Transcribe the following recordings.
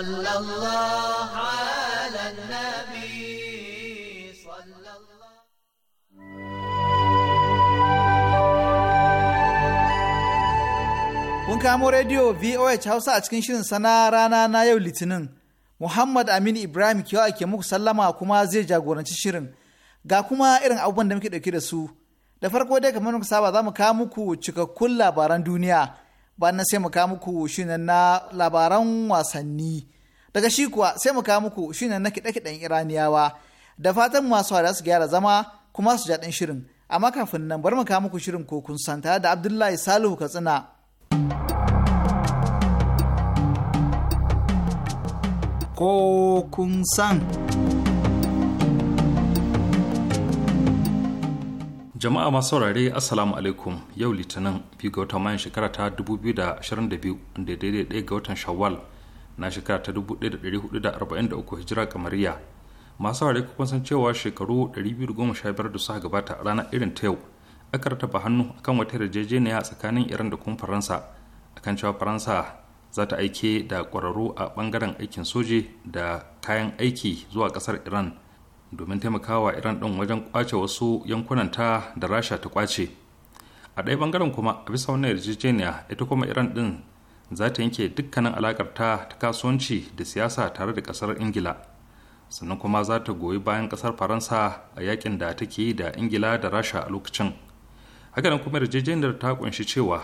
صلى الله على النبي Kun kamo rediyo VOH Hausa a cikin shirin sana rana na yau Litinin. Muhammad Amin Ibrahim kiwa ake muku sallama kuma zai jagoranci shirin. Ga kuma irin abubuwan da muke ɗauke da su. Da farko dai kamar muka saba za mu kawo muku cikakkun labaran duniya. bayan sai mu kawo muku ne na labaran wasanni daga shi kuwa sai mu kawo muku ne na kiɗe-kiɗen iraniyawa da fatan masu hada su gyara zama kuma su jaɗin shirin amma kafin nan bar mu kawo muku shirin ko kun santa da abdullahi salihu katsina ko kun san jama'a masu saurare assalamu alaikum yau litinin biyu ga watan mayan shekara ta 2022 da daidai ɗaya ga watan shawwal na shekara ta 1443 hijira kamariya masu saurare kuma san cewa shekaru 215 da suka gabata a ranar irin ta yau aka rataba hannu akan wata yarjejeniya tsakanin iran da kuma faransa akan cewa faransa za ta aike da kwararru a bangaren aikin soji da kayan aiki zuwa kasar iran domin taimakawa iran ɗin wajen kwace wasu yankunan ta da rasha ta kwace a ɗaya bangaren kuma a bisa wannan yarjejeniya ita kuma iran ɗin za ta yanke dukkanin alakar ta ta kasuwanci da siyasa tare da ƙasar ingila sannan kuma za ta goyi bayan ƙasar faransa a yakin da take yi da ingila da rasha a lokacin hakanan kuma yarjejeniyar ta kunshi cewa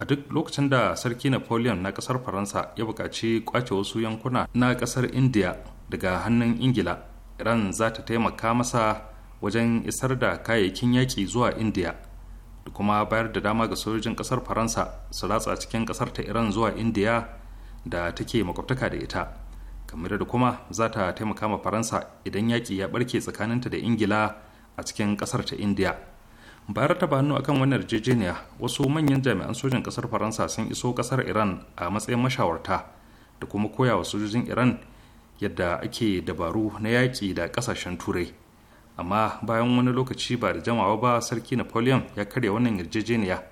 a duk lokacin da sarki napoleon na ƙasar faransa ya buƙaci kwace wasu yankuna na ƙasar india daga hannun ingila iran za ta taimaka masa wajen isar da kayayyakin yaƙi zuwa indiya da kuma bayar da dama ga sojojin ƙasar faransa su ratsa cikin ƙasar ta iran zuwa indiya da take makwabtaka da ita kamar da kuma za ta taimaka ma faransa idan yaƙi ya ɓarke tsakaninta da ingila a cikin ƙasar ta indiya bayar ta hannu akan wannan yarjejeniya wasu manyan jami'an sojin ƙasar faransa sun iso ƙasar iran a matsayin mashawarta da kuma koya wa sojojin iran yadda ake dabaru na yaƙi da ƙasashen turai amma bayan wani lokaci ba da jamawa ba sarki napoleon ya karya wannan yarjejeniya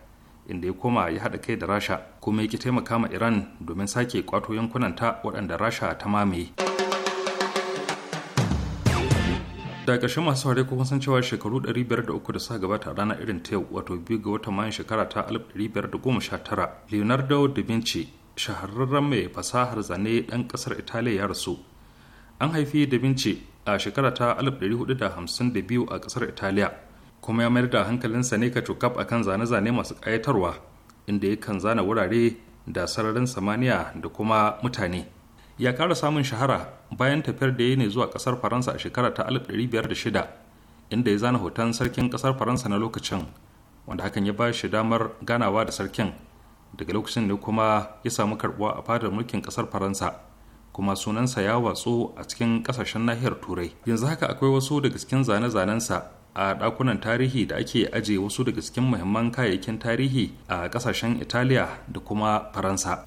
inda ya koma ya haɗa kai da rasha kuma ya ki taimaka ma iran domin sake kwato yankunanta waɗanda rasha ta mamaye da ƙarshen masu saurare kuma san cewa shekaru 503 da suka gabata a ranar irin ta yau wato biyu ga watan mayan shekara ta 1519 leonardo da vinci shahararren mai fasahar zane ɗan ƙasar italiya ya rasu an haifi da vinci a shekara ta 1452 a kasar italiya kuma ya mayar da hankalinsa ne ka cokaf akan zane-zane masu ƙayatarwa inda yakan zana wurare da sararin samaniya da kuma mutane ya ƙara samun shahara bayan tafiyar da ya ne zuwa ƙasar faransa a shekara ta 1506 inda ya zana hoton sarkin ƙasar faransa na lokacin wanda hakan ya ba shi damar ganawa da sarkin daga lokacin ne kuma ya samu karbuwa a fadar mulkin ƙasar faransa kuma sunansa ya watsu a cikin kasashen nahiyar turai yanzu haka akwai wasu daga cikin zane-zanensa a dakunan tarihi da ake ajiye wasu daga cikin muhimman kayayyakin tarihi a kasashen italiya da kuma faransa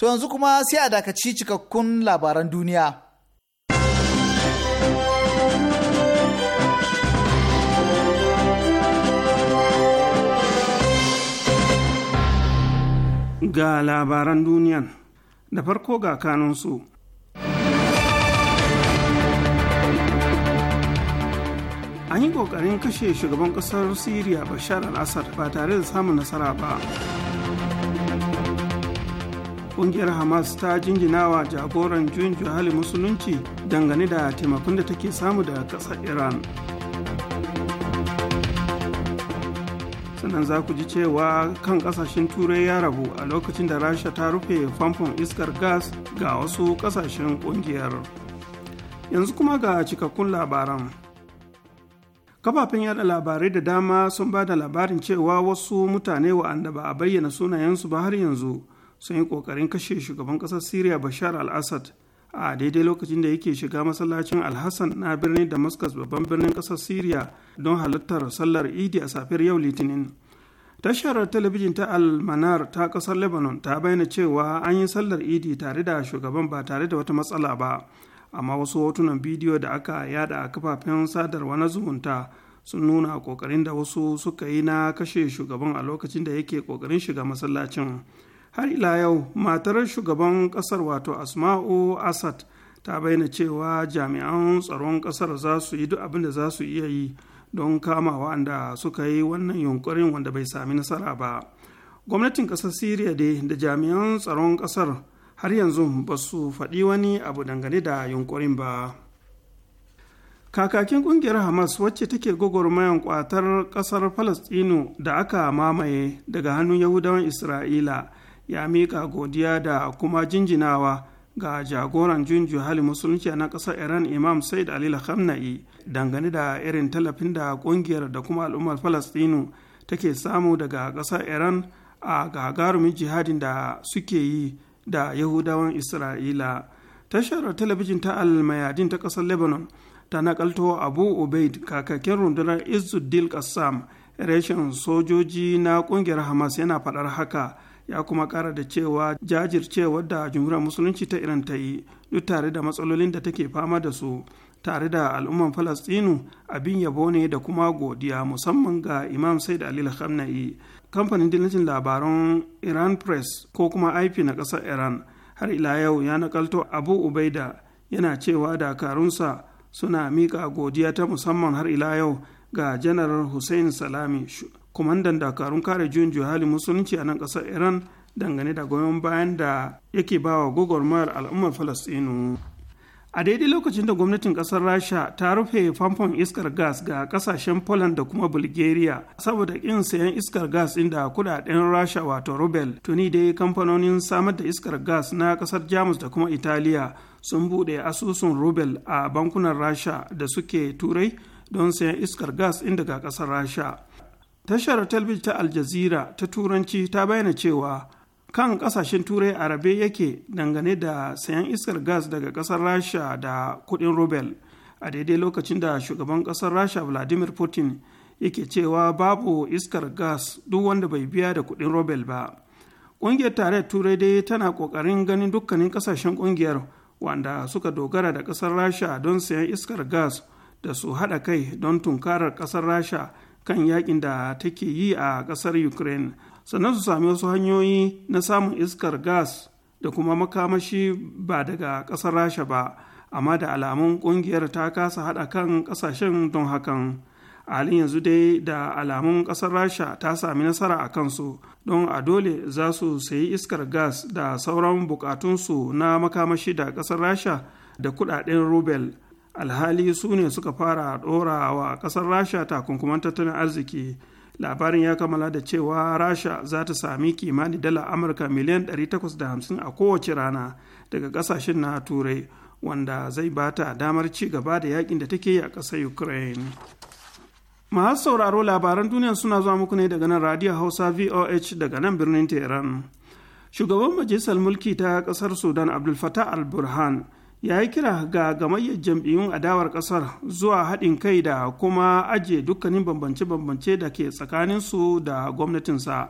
To yanzu kuma sai a dakaci cikakkun labaran duniya. Ga labaran duniyan da farko ga kanunsu. An yi ƙoƙarin kashe shugaban ƙasar Siriya Bashar al-Assad ba tare da samun nasara ba. kungiyar hamas ta jingina wa jagoran juyin juhali musulunci dangane da taimakon da take samu daga ƙasar iran sannan za ku ji cewa kan kasashen turai ya rabu a lokacin da rasha ta rufe famfon iskar gas ga wasu kasashen kungiyar yanzu kuma ga cikakkun labaran kafafen yada labarai da dama sun ba da labarin cewa wasu mutane wa'anda ba a bayyana sunayensu ba har yanzu sun yi ƙoƙarin kashe shugaban ƙasar syria bashar al-assad a daidai lokacin da yake shiga masallacin alhassan na birnin damascus babban birnin ƙasar syria don halartar sallar idi a safiyar yau litinin tashar talabijin ta almanar ta ƙasar lebanon ta bayyana cewa an yi sallar idi tare da shugaban ba tare da wata matsala ba amma wasu hotunan bidiyo da aka yada a kafafen sadarwa na zumunta sun nuna kokarin da wasu suka yi na kashe shugaban a lokacin da yake kokarin shiga masallacin har ila yau matar shugaban kasar wato asma'u asad ta bayyana cewa jami'an tsaron kasar za su yi duk abin da za su iya yi don kama wa'anda suka yi wannan yunkurin wanda bai sami nasara ba gwamnatin kasar siriya dai da jami'an tsaron kasar har yanzu ba su faɗi wani abu dangane da yunkurin ba kakakin kungiyar hamas wacce take gwagwarmayan kwatar kasar palestino da aka mamaye daga hannun yahudawan isra'ila ya mika godiya da kuma jinjinawa ga jagoran junju hali musulunci na ƙasar iran imam said ali khamnai dangane da irin tallafin da ƙungiyar da kuma al'ummar falastinu take samu daga ƙasar iran a gagarumin jihadin da suke yi da yahudawan isra'ila tashar talabijin ta almayadin ta ƙasar lebanon ta nakalto abu ubaid kakakin rundunar izuddin kassam reshen sojoji na ƙungiyar hamas yana faɗar haka ya kuma kara da cewa jajircewar da jumhuriyar musulunci ta iran ta yi duk tare da matsalolin da take fama da su tare da al'umman falastinu abin yabo ne da kuma godiya musamman ga imam said ali khamnai kamfanin dillacin labaran iran press ko kuma ip na ƙasar iran har ila yau ya nakalto abu ubaida yana cewa dakarunsa suna miƙa godiya ta musamman har ila yau ga janar hussein salami kwamandan dakarun kare juyin hali musulunci a nan ƙasar iran dangane da goyon bayan da yake ba bawa gwagwarmayar al'ummar falastinu a daidai lokacin da gwamnatin kasar rasha ta rufe famfon iskar gas ga kasashen poland da kuma bulgaria saboda kin sayan iskar gas inda kudaden rasha wato rubel tuni dai kamfanonin samar da iskar gas na kasar jamus da kuma italiya sun bude asusun rubel a bankunan rasha da suke turai don sayan iskar gas inda ga kasar rasha tashar talbijin ta aljazira ta turanci ta bayyana cewa kan kasashen turai arabe yake dangane da sayan iskar gas daga kasar rasha da kudin rubel a daidai lokacin da shugaban kasar rasha vladimir putin yake cewa babu iskar gas duk wanda bai biya da kudin rubel ba ƙungiyar tarayyar turai dai tana ƙoƙarin ganin dukkanin kasashen ƙungiyar wanda suka dogara da kasar rasha don sayan iskar gas da su haɗa kai don tunkarar kasar rasha kan yakin da take yi a ƙasar ukraine sannan su sami wasu hanyoyi na samun iskar gas da kuma makamashi ba daga ƙasar rasha ba amma da alamun ƙungiyar ta kasa haɗa kan ƙasashen don hakan a halin yanzu dai da alamun ƙasar rasha ta sami nasara a kansu don a dole za su sayi iskar gas da sauran bukatunsu na makamashi da ƙasar rasha da kuɗaɗen rubel alhali su ne suka fara ɗora wa ƙasar rasha takunkuman tattalin arziki labarin ya kammala da cewa rasha za ta sami kimanin dala amurka miliyan 850 a kowace rana daga ƙasashen na turai wanda zai bata damar ci gaba da yakin da take yi a ƙasar ukraine masu sauraro labaran duniya suna zuwa muku ne daga nan radio hausa voh daga nan birnin tehran shugaban majalisar mulki ta ƙasar sudan abdul fatah al-burhan ya yi kira ga gamayyar jam'iyyun adawar kasar zuwa haɗin kai da kuma ajiye dukkanin bambance-bambance da ke tsakaninsu da gwamnatinsa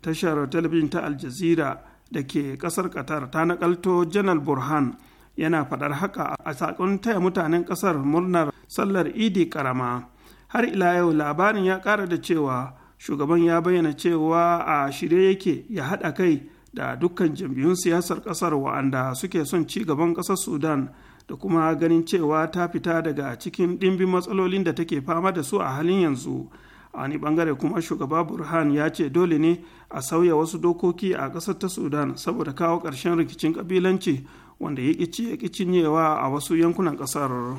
tashar talabijin ta aljazira da ke ƙasar qatar ta nakalto janar burhan yana faɗar haka a saƙon taya mutanen ƙasar murnar sallar idi karama har ila yau labarin ya ƙara da cewa shugaban ya bayyana cewa a shirye yake ya haɗa kai da dukkan jam'iyyun siyasar kasar wa'anda suke son ci gaban kasar sudan da kuma ganin cewa ta fita daga cikin ɗimbin matsalolin da take fama da su a halin yanzu a wani bangare kuma shugaba burhan ya ce dole ne a sauya wasu dokoki a ƙasar ta sudan saboda kawo ƙarshen rikicin ƙabilanci wanda ya ƙici ya cinyewa a wasu yankunan ƙasar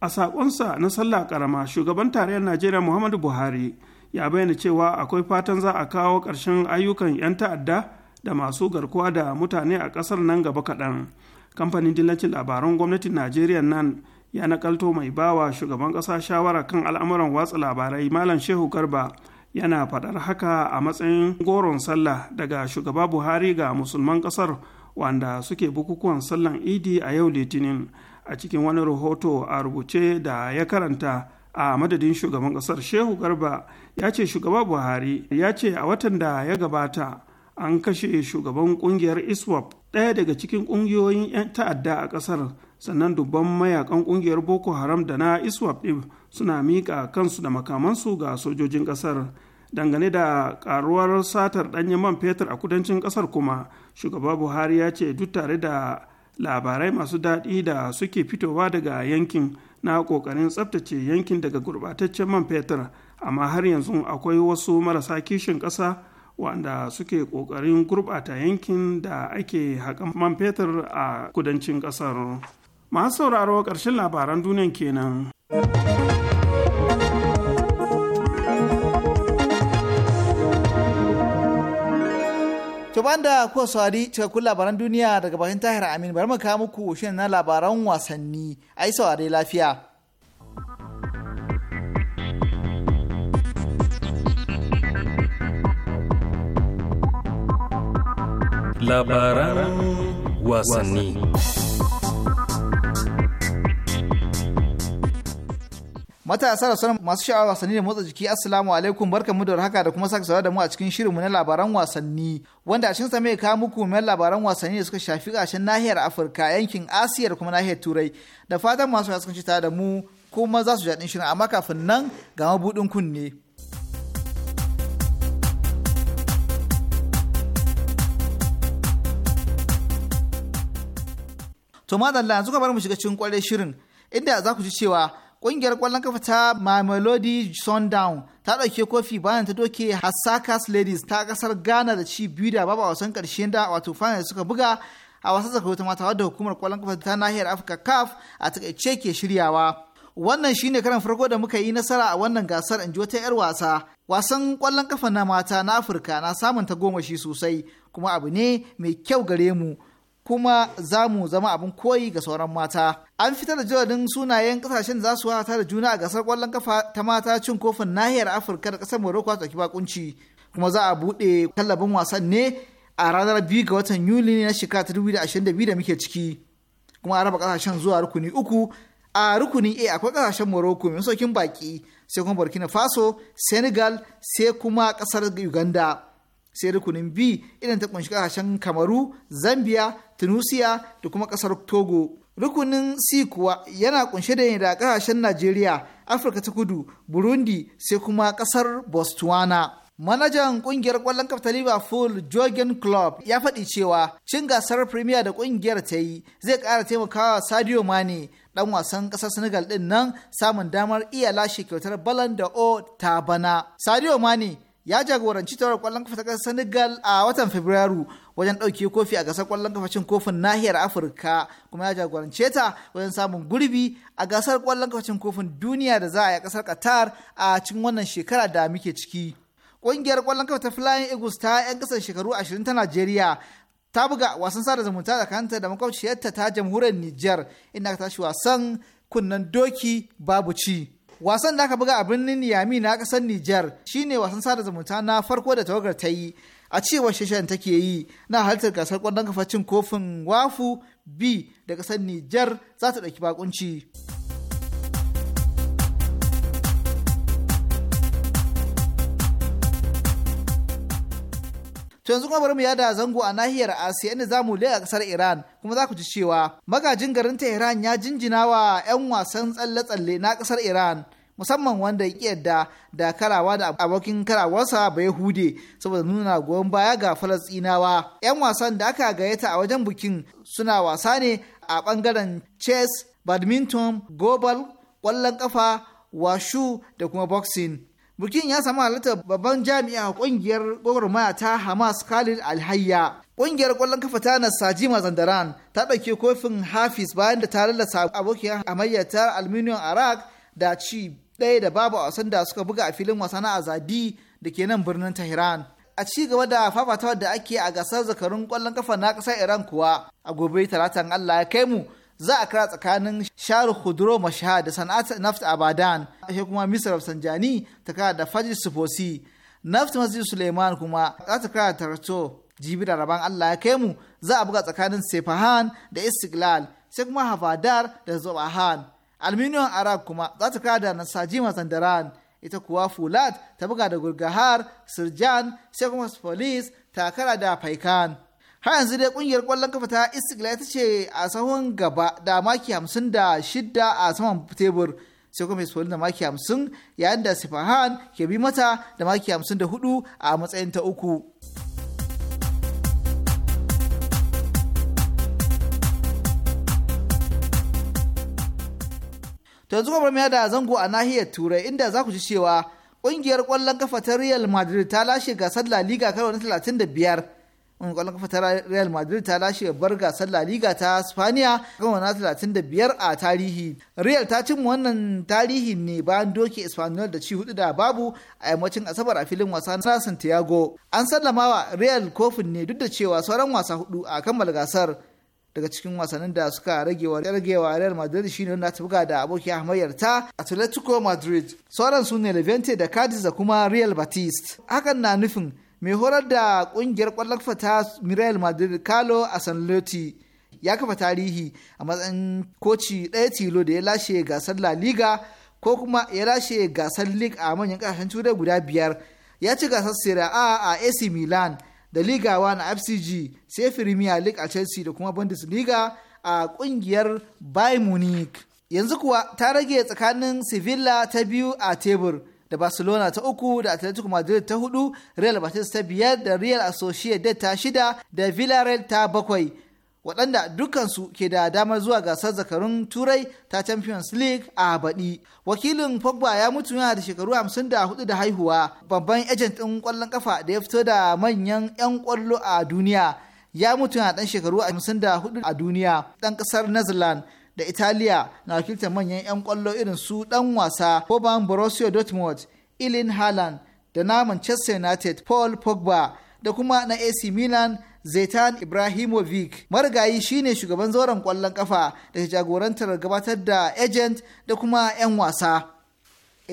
a saƙonsa na sallah ƙarama shugaban tarayyar najeriya muhammadu buhari ya bayyana cewa akwai fatan za a kawo ƙarshen ayyukan 'yan ta'adda da masu garkuwa da mutane a ƙasar nan gaba kaɗan kamfanin dillacin labaran gwamnatin najeriya nan ya nakalto mai bawa shugaban ƙasa shawara kan al'amuran watsa labarai malam shehu garba yana faɗar haka a matsayin goron sallah daga shugaba buhari ga musulman ƙasar wanda suke bukukuwan sallan idi a yau litinin a cikin wani rahoto a rubuce da ya karanta a madadin shugaban ƙasar shehu garba ya ce shugaba buhari ya ce a watan da ya gabata an kashe shugaban kungiyar iswap ɗaya daga cikin ƙungiyoyin 'yan ta'adda a ƙasar sannan dubban mayakan ƙungiyar boko haram da na iswap ɗin suna miƙa kansu da makamansu ga sojojin ƙasar dangane da ƙaruwar satar ɗanyen man fetur a kudancin ƙasar kuma shugaba buhari ya ce duk tare da labarai masu daɗi da suke fitowa daga yankin na ƙoƙarin tsaftace yankin daga gurɓataccen man fetur amma har yanzu akwai wasu marasa kishin ƙasa wanda suke ƙoƙarin gurɓata yankin da ake haƙa man fetur a kudancin ƙasar masu sauraro ƙarshen labaran duniyan kenan. ban da kuwa saurari cikakkun labaran duniya daga bakin tahir amin bari mu kawo muku shirin na labaran wasanni ai saurare lafiya. labaran wasanni matasa da sauran masu sha'awar wasanni da motsa jiki assalamu alaikum barkanmu da haka da kuma sake saurara da mu a cikin shirinmu na labaran wasanni wanda a cikin mai kawo muku mai labaran wasanni da suka shafi ƙarshen nahiyar afirka yankin asiya da kuma nahiyar turai da fatan masu sun ci da mu kuma za su jaɗin shirin amma kafin nan ga mabuɗin kunne. To madalla yanzu bar mu shiga cikin kwarai shirin inda za ku ji cewa kungiyar kwallon kafa ta Mamelodi Sundown ta dauke kofi bayan ta doke Hasakas Ladies ta kasar Ghana da ci biyu da babu a wasan karshen da wato final suka buga a wasan zakaru ta mata wadda hukumar kwallon kafa ta nahiyar Afirka CAF a takaice ke shiryawa. Wannan shine karan farko da muka yi nasara a wannan gasar in ji wata 'yar wasa. Wasan kwallon kafa na mata na Afirka na samun ta goma shi sosai kuma abu ne mai kyau gare mu. kuma za mu zama abin koyi ga sauran mata. An fitar da jadadin sunayen kasashen za su wata da juna a gasar kwallon kafa ta mata cin kofin nahiyar Afirka da kasar Morocco tsaki bakunci kuma za a buɗe kallabin wasan ne a ranar biyu ga watan Yuli na shekara ta 2022 da muke ciki. Kuma a raba kasashen zuwa rukuni uku a Rukuni, A akwai kasashen Morocco mai saukin baki sai kuma Burkina Faso, Senegal sai kuma kasar Uganda. sai rukunin b idan ta kunshi kasashen kamaru zambia tunisia da kuma kasar togo rukunin c kuwa yana kunshe da da kasashen najeriya afirka ta kudu burundi sai kuma kasar botswana manajan kungiyar kwallon kafa liverpool jorgen club ya faɗi cewa cin gasar premier da kungiyar ta yi zai ƙara taimakawa sadio mane dan wasan ƙasar Senegal ɗin nan samun damar iya lashe kyautar Ballon d'Or ta bana. Sadio Mane ya jagoranci tawar kwallon kafa ta ƙasar Senegal a watan Fabrairu wajen ɗauke kofi a gasar kwallon kafa cin kofin nahiyar Afirka kuma ya jagorance ta wajen samun gurbi a gasar kwallon kafa cin kofin duniya da za a yi a ƙasar Qatar a cikin wannan shekara da muke ciki. Ƙungiyar kwallon kafa ta Flying Eagles ta 'yan ƙasar shekaru 20 ta Najeriya ta buga wasan sada zumunta da kanta da makwabciyarta ta jamhuriyar Nijar inda ta tashi wasan kunnen doki babu ci. wasan da aka buga a birnin niyami na kasar nijar shine wasan sada zumunta na farko da tawagar ta yi a cewar shashen take yi na halittar gasar kwallon kafa kofin wafu b da kasar nijar za ta ɗauki bakunci. To yanzu kuma bari mu yada zango a nahiyar Asiya inda za mu a kasar Iran kuma za ku ji cewa magajin garin Tehran ya jinjina wa 'yan wasan tsalle-tsalle na ƙasar Iran musamman wanda ya yadda da karawa da abokin karawarsa bai hude saboda nuna goyon baya ga Falasɗinawa. 'Yan wasan da aka gayyata a wajen bikin suna wasa ne a ɓangaren chess, badminton, gobal, ƙwallon ƙafa, washu da kuma boxing. bikin ya samu halartar babban jami'a kungiyar gwagwarmaya ta hamas khalid alhayya kungiyar kwallon kafa ta najima zandaran ta ɗauki kofin hafiz bayan da ta lalata abokiyar hamayyar ta aluminium arak da ci ɗaya da babu a wasan da suka buga a filin wasa na azadi da ke nan birnin tehran a ci gaba da fafatawar da ake a gasar zakarun kwallon kafa na ƙasar iran kuwa a gobe talatan allah ya kai mu za a kira tsakanin sharu hudro mashaha da sana'at naft abadan shi kuma misr sanjani ta kara da fajr sufosi naft masjid suleiman kuma za ta kara tarto jibi da rabon allah ya kai mu za a buga tsakanin sefahan da istiklal sai kuma hafadar da zobahan alminiyon arab kuma za ta kara da nasajima sandaran ita kuwa fulat ta buga da gurgahar sirjan sai kuma police ta kara da faikan har yanzu dai kungiyar kwallon kafa ta istiklal ita ce a sahun gaba da maki hamsin da shidda a saman tebur sai kuma Hispanin da maki hamsin yayin da Sifahan ke bi mata da maki hamsin da hudu a matsayin ta uku. To yanzu kuma da zango a nahiyar Turai inda za ku ji cewa ƙungiyar kwallon kafa ta Real Madrid ta lashe gasar La Liga karo na 35 ƙwallon kafa ta Real Madrid ta lashe babbar gasar La Liga ta Spaniya gama wana 35 a tarihi. Real ta cimma wannan tarihi ne bayan doke Espanyol da ci hudu da babu a yammacin Asabar a filin wasa na Santiago. An sallama wa Real kofin ne duk da cewa sauran wasa hudu a kammal gasar. Daga cikin wasannin da suka ragewa ragewa Real Madrid shine wanda ta buga da abokiyar hamayyar ta Atletico Madrid. Sauran su ne Levante da Cadiz da kuma Real Batiste. Hakan na nufin mai horar da kungiyar kwallon fata Real Madrid Carlo Ancelotti ya kafa tarihi a matsayin koci ɗaya tilo da ya lashe gasar La Liga ko kuma ya lashe gasar League a manyan ƙasashen turai guda biyar ya ci gasar Serie A a AC Milan da Liga 1 a FCG sai Premier League a Chelsea da kuma Bundesliga a kungiyar Bayern Munich yanzu kuwa ta rage tsakanin Sevilla ta biyu a tebur da barcelona ta uku da atletico madrid ta hudu real batis ta biyar da real associated ta shida da villarreal ta bakwai waɗanda dukansu ke da damar zuwa gasar zakarun turai ta champions league a baɗi wakilin pogba ya mutu yana da shekaru 54 da haihuwa babban ejent ɗin ƙwallon kafa da ya fito da manyan 'yan ƙwallo a duniya ya mutu yana ɗan shekaru 54 a duniya ɗan ƙasar netherlands da Italiya na wakiltar manyan 'yan kwallo irin su ɗan wasa Boban Borussia Dortmund, Ilin Haaland da na Manchester United Paul Pogba da kuma na AC Milan Zaitan Ibrahimovic. Marigayi shine shugaban zauren kwallon kafa da jagorantar gabatar da agent da kuma 'yan wasa.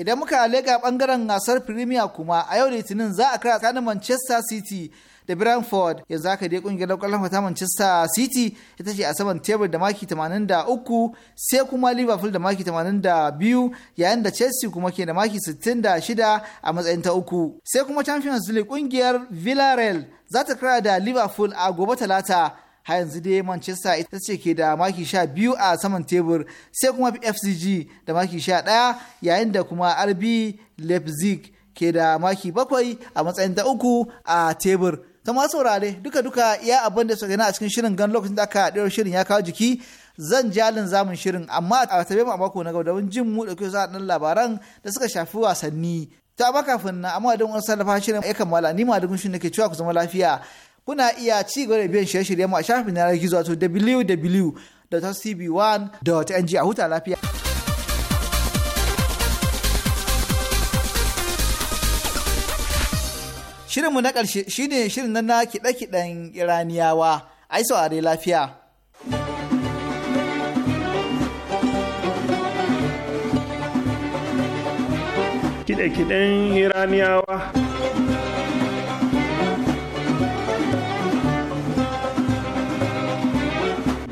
idan muka lega bangaren gasar premier kuma a yau litinin za a kira tsakanin manchester city da brentford yanzu aka dai kungiyar kwallon fata manchester city ita ce a saman tebur da maki 83 sai kuma liverpool da maki 82 yayin da chelsea kuma ke da maki 66 a matsayin ta uku sai kuma champions league kungiyar villarreal za ta kira da liverpool a gobe talata har yanzu dai manchester ita ce ke da maki sha biyu a saman tebur sai kuma fcg da maki sha ɗaya yayin da kuma rb leipzig ke da maki bakwai a matsayin ta uku a tebur ta masu saurare duka duka iya abin da suka gani a cikin shirin gan lokacin da aka ɗaura shirin ya kawo jiki zan jalin zamun shirin amma a tabe mu a mako na gaba jin mu dauke za dan labaran da suka shafi wasanni ta ba kafin na amma don wani sarrafa shirin ya kammala ni ma da gunshin ke cewa ku zama lafiya kuna iya ci gaba da biyan shirye-shirye mu a shafin yanar gizo wato www.tv1.ng a huta lafiya. Shirinmu na ƙarshe shine shirin na kiɗe-kiɗen Iraniyawa, ai saurare lafiya. Kiɗe-kiɗen Iraniyawa.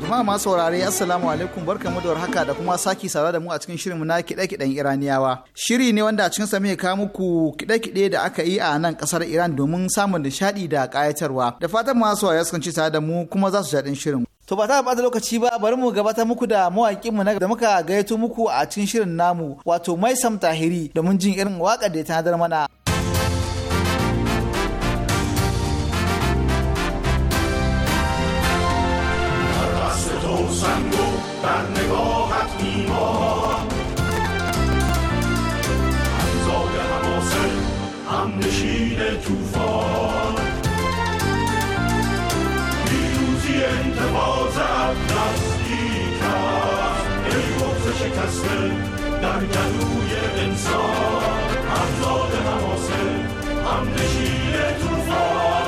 jama'a masu saurare assalamu alaikum barkamu da haka da kuma saki saurara da mu a cikin shirinmu na kiɗe-kiɗen iraniyawa shiri ne wanda a cikin sa muke kawo muku kiɗe-kiɗe da aka yi a nan kasar iran domin samun nishaɗi da kayatarwa da fatan masu saurare sun ci tare da mu kuma za su jaɗin shirin to ba ta bata lokaci ba bari mu gabatar muku da mawaƙin mu da muka gayyato muku a cikin shirin namu wato maisam tahiri domin jin irin waƙar da ya tanadar mana در نگاهت میما همزاد هماسه هم نشین توفان پیروزی انتباز دستی کرد ای بغز شکسته در گلوی انسان همزاد هماسه هم نشین توفان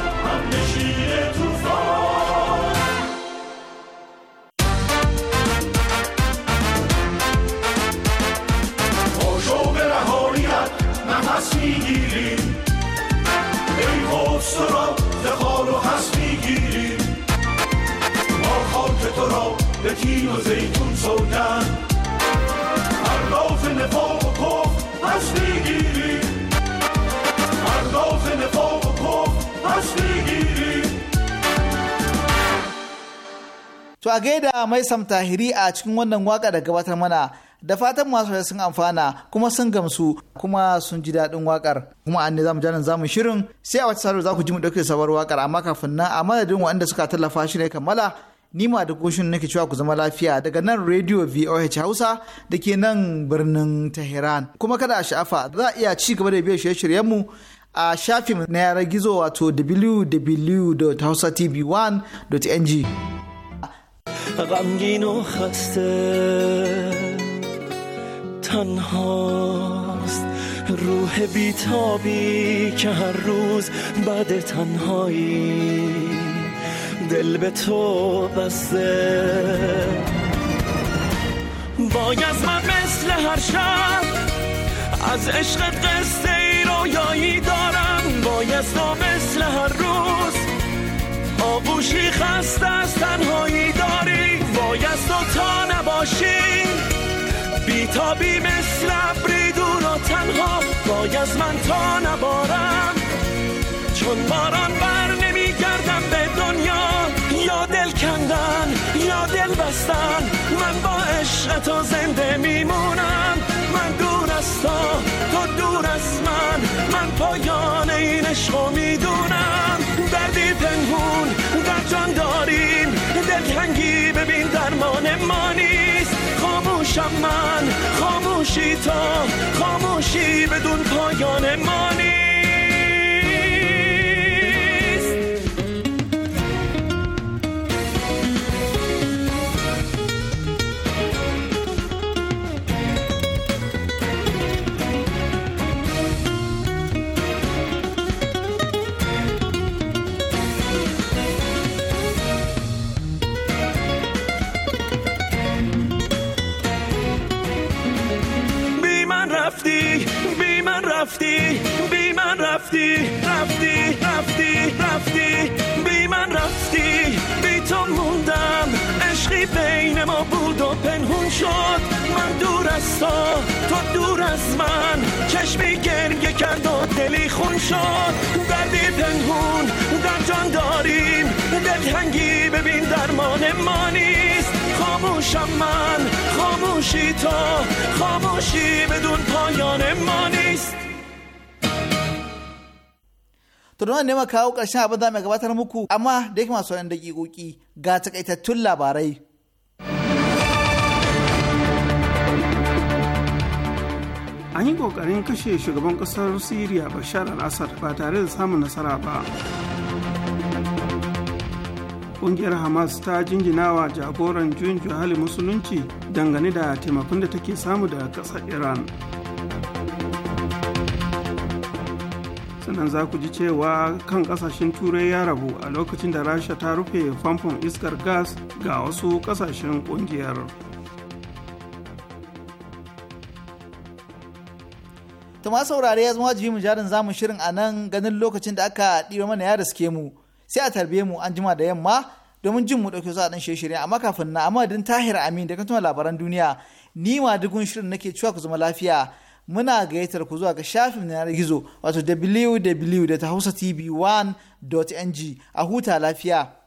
تو را زخار و هست میگیریم ما خاک تو را به تین و زیتون سودن ارداف نفاق و کف هست میگیریم ارداف نفاق و کف هست میگیریم To a gaida mai samtahiri a cikin wannan waka da gabatar mana da fatan masu sun amfana kuma sun gamsu kuma sun ji daɗin wakar kuma an ne zamu janin zamu shirin sai a wata sarar za ku ji mu ɗauke sabar wakar amma kafin nan a madadin waɗanda suka tallafa shi ne kammala ni ma da koshin nake cewa ku zama lafiya daga nan radio VOH Hausa da ke nan birnin Tehran kuma kada a sha'afa za a iya ci gaba da biyan shirye-shiryen mu a shafin na yara gizo wato www.hausatv1.ng Ramgino و تنهاست روح بیتابی که هر روز بعد تنهایی دل به تو بسته وای از من مثل هر شب از عشق قصه ای رویایی دارم وای از من تا نبارم چون باران بر نمیگردم به دنیا یا دل کندن یا دل بستن من با عشق تا زنده میمونم من دور از تو تو دور از من من پایان این عشق میدونم دردی پنهون در جان داریم دلتنگی ببین درمان ما نیست خاموشم من خاموشی تو خاموشی بدون پایان مانی بی من رفتی رفتی رفتی رفتی بی من رفتی بی تو موندم عشقی بین ما بود و پنهون شد من دور از تو تو دور از من چشمی گرگ کرد و دلی خون شد دردی پنهون در جان داریم هنگی ببین درمان ما نیست خاموشم من خاموشی تو خاموشی بدون پایان ما نیست to don ne kawo ƙarshen abin da mai gabatar muku amma da yake masu wani daƙiƙoƙi ga takaitattun labarai. An yi ƙoƙarin kashe shugaban ƙasar Siriya Bashar al-Assad ba tare da samun nasara ba. Ƙungiyar Hamas ta jinjinawa jagoran juyin juhali musulunci dangane da taimakon da take samu daga ƙasar Iran. sannan za ku ji cewa kan kasashen turai ya rabu a lokacin da rasha ta rufe famfon iskar gas ga wasu kasashen kungiyar tuma saurare ya zama wajibi mu jarin zamu shirin a nan ganin lokacin da aka ɗiba mana ya riske mu sai a tarbe mu an jima da yamma domin jin mu ɗauke su a ɗan shirye amma kafin na amadin tahir amin da kan labaran duniya ni ma dugun shirin nake cewa ku zama lafiya muna gayyatar ku zuwa ga shafin na yanar gizo wato www.hausatv1.ng a huta lafiya.